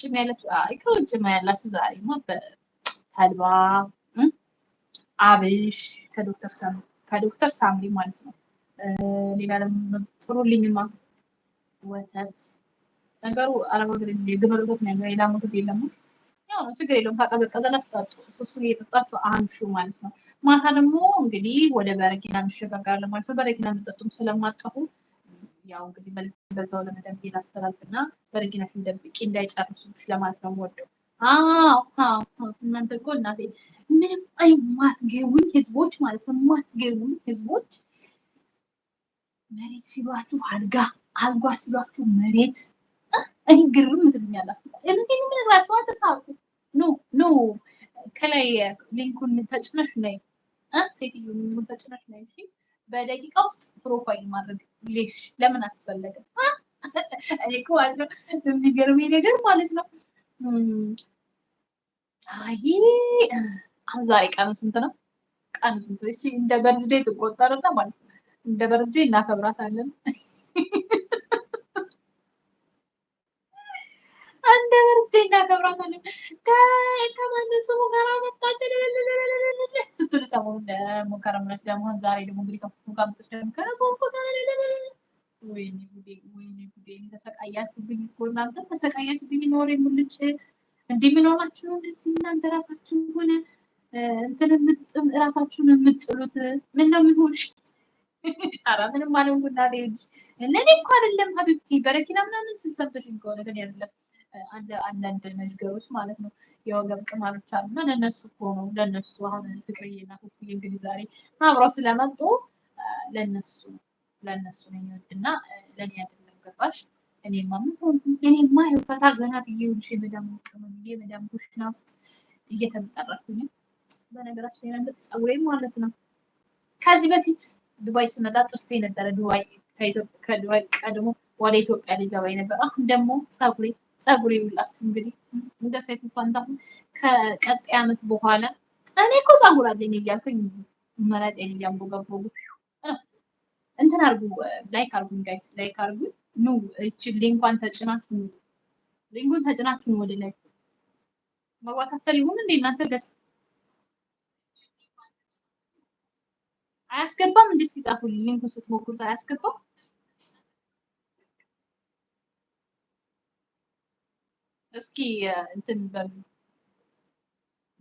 ከውጭም ያለችው አይ ከውጭም ያላችሁ ዛሬማ በተልባ አብሽ ከዶክተር ሳም ከዶክተር ሳምሪ ማለት ነው። ሌላ ለም ጥሩልኝማ ወተት ነገሩ አረብ ሀገር የግብር ወተት ነው። ሌላ ወተት የለም። ያው ነው ችግር የለውም። ካቀዘቀዘላችሁ ጠጡ። እሱን እየጠጣችሁ አምሹ ማለት ነው። ማታ ደግሞ እንግዲህ ወደ በረኪና እንሸጋገራለን ማለት ነው። በረኪና መጠጡም ስለማጠፉ ያው እንግዲህ መልክ በዛው ለመደንብ ላስተላልፍ እና በረጊነት ደብቂ እንዳይጨርሱብሽ ለማለት ነው የምወደው። እናንተ እኮ እናቴ ምንም አይ ማትገቡኝ ህዝቦች ማለት ነው ማትገቡኝ ህዝቦች መሬት ሲሏችሁ አልጋ አልጓ ሲሏችሁ መሬት እኔ ግርም ምትሉኛላችሁ። እምቴን የምነግራችሁ አልተሳኩ ኖ ኖ ከላይ ሊንኩን ተጭነሽ ነይ ሴትዮ ሊንኩን ተጭነሽ ነይ እሺ በደቂቃ ውስጥ ፕሮፋይል ማድረግ ሌሽ ለምን አስፈለገ? እኔ እኮ የሚገርመኝ ነገር ማለት ነው። አይ ዛሬ ቀኑ ስንት ነው? ቀኑ ስንት? እሺ እንደ በርዝዴ ትቆጠርና ማለት ነው። እንደ በርዝዴ እናከብራታለን። በርዝዴይ እናከብራታለን ከማነሱሙ ጋር መጣችን ስትሉ ሰሞኑን ሙከራ ምረች ለመሆን ዛሬ ደግሞ እንግዲህ ከፉፉ ጋር ምጥች ደግሞ ከፉፉ ጋር ወይኔ ጉዴ ወይኔ ጉዴ ተሰቃያችሁብኝ እኮ እናንተ ተሰቃያችሁብኝ። ኖር ሙልጭ እንደሚኖራችሁ እንደዚህ እናንተ ራሳችሁ ሆነ እንትን ምጥም እራሳችሁን የምጥሉት ምን ነው ምን ሆንሽ? ኧረ ምንም አልሆንኩም እናቴ እንጂ እኔ እኮ አይደለም ሀቢብቲ በረኪና ምናምን ስል ከሆነ ግን ያደለም አንዳንድ ነገሮች ማለት ነው የወገብ ቅማሎች አሉ እና ለነሱ እኮ ነው ለእነሱ አሁን ፍቅርዬና ፉፉዬ እንግዲህ ዛሬ አብረው ስለመጡ ለነሱ ለነሱ ነው የሚወድ ነው የሚወድና ለእኔ አይደለም ገባሽ እኔማ ምን ሆንኩ እኔማ ይኸው ፈታ ዘና ብዬ ውልሽ የመዳሙ ቅመም የመዳሙ ኩሽና ውስጥ እየተመጠረኩኝ በነገራችን ላይ ነበር ፀጉሬ ማለት ነው ከዚህ በፊት ዱባይ ስመጣ ጥርሴ ነበረ ዱባይ ከዱባይ ቀድሞ ወደ ኢትዮጵያ ሊገባ ነበር አሁን ደግሞ ፀጉሬ ጸጉር ይውላችሁ እንግዲህ እንደ ሰይፉ ፋንታሁን ከቀጣይ ዓመት በኋላ እኔ እኮ ጸጉር አለኝ እያልኩኝ መላጤን እያንቦገቦጉ እንትን አርጉ፣ ላይክ አርጉኝ ጋይስ፣ ላይክ አርጉኝ። ኑ እች ሊንኳን ተጭናችሁ ሊንኩን ተጭናችሁ ወደ ላይ መግባት አትፈልጉም እንዴ እናንተ? ደስ አያስገባም እንዴ? እስኪ ጻፉልኝ። ሊንኩን ስትሞክሩት አያስገባም እስኪ እንትን በሉ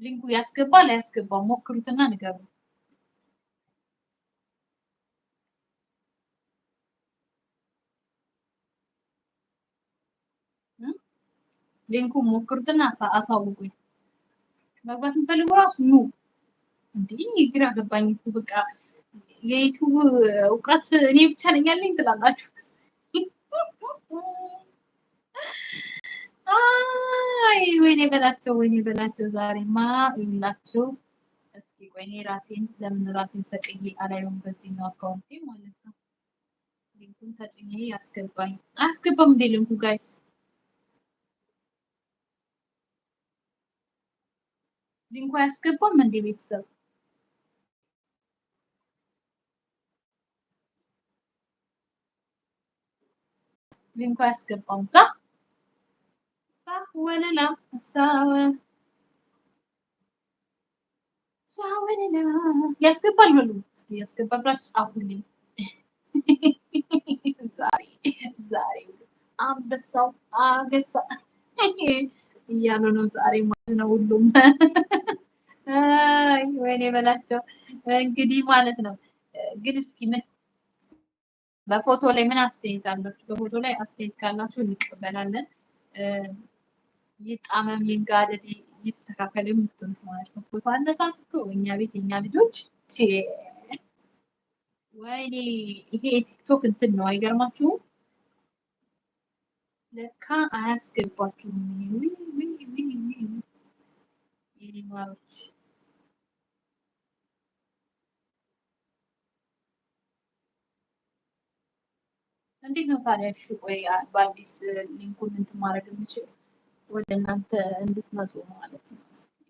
ሊንኩ ያስገባ ላያስገባ ሞክሩትና ንገሩ። ሊንኩ ሞክሩትና አሳውቁኝ። መግባት የምፈልጉ ራሱ ኑ። እንዲህ ግራ ገባኝ እኮ በቃ የዩቱብ እውቀት እኔ ብቻ ነኝ ያለኝ ትላላችሁ። አይ ወይኔ በላቸው፣ ወይኔ በላቸው። ዛሬማ ይውላችሁ። እስኪ ቆይኔ ራሴን ለምን ራሴን ሰቅዬ አላየሁም። በዚህ ነው አካውንቴ ማለት ነው። ሊንኩን ተጭኜ ያስገባኝ አያስገባም እንዴ ሊንኩ ጋይስ? ሊንኩ አያስገባም እንዴ ቤተሰብ? ሊንኩ አያስገባም ዛ Sawanana, sawa ሳወንና ያስገባል በሉ ያስገባል ብላችሁ ጻፉልኝ። ዛሬ ዛሬ አንበሳው አገሳ እያሉ ነው ዛሬ ማለት ነው። ሁሉም ወይኔ በላቸው እንግዲህ ማለት ነው። ግን እስኪ ምን በፎቶ ላይ ምን አስተያየት አላችሁ? በፎቶ ላይ አስተያየት ካላችሁ እንቀበላለን። ይጣመም ይንጋደድ ይስተካከል የምትሆኑት ማለት ነው። ፎቶ አነሳስቶ እኛ ቤት የኛ ልጆች ወይኔ ይሄ የቲክቶክ እንትን ነው አይገርማችሁም? ለካ አያስገባችሁም። ማሮች እንዴት ነው ታዲያ? እሺ ቆይ በአዲስ ሊንኩን እንትን ማድረግ የምችል ወደ እናንተ እንድትመጡ ማለት ነው።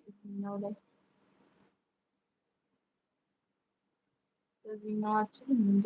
እዚህኛው ላይ በዚህኛው አልችልም እንዴ?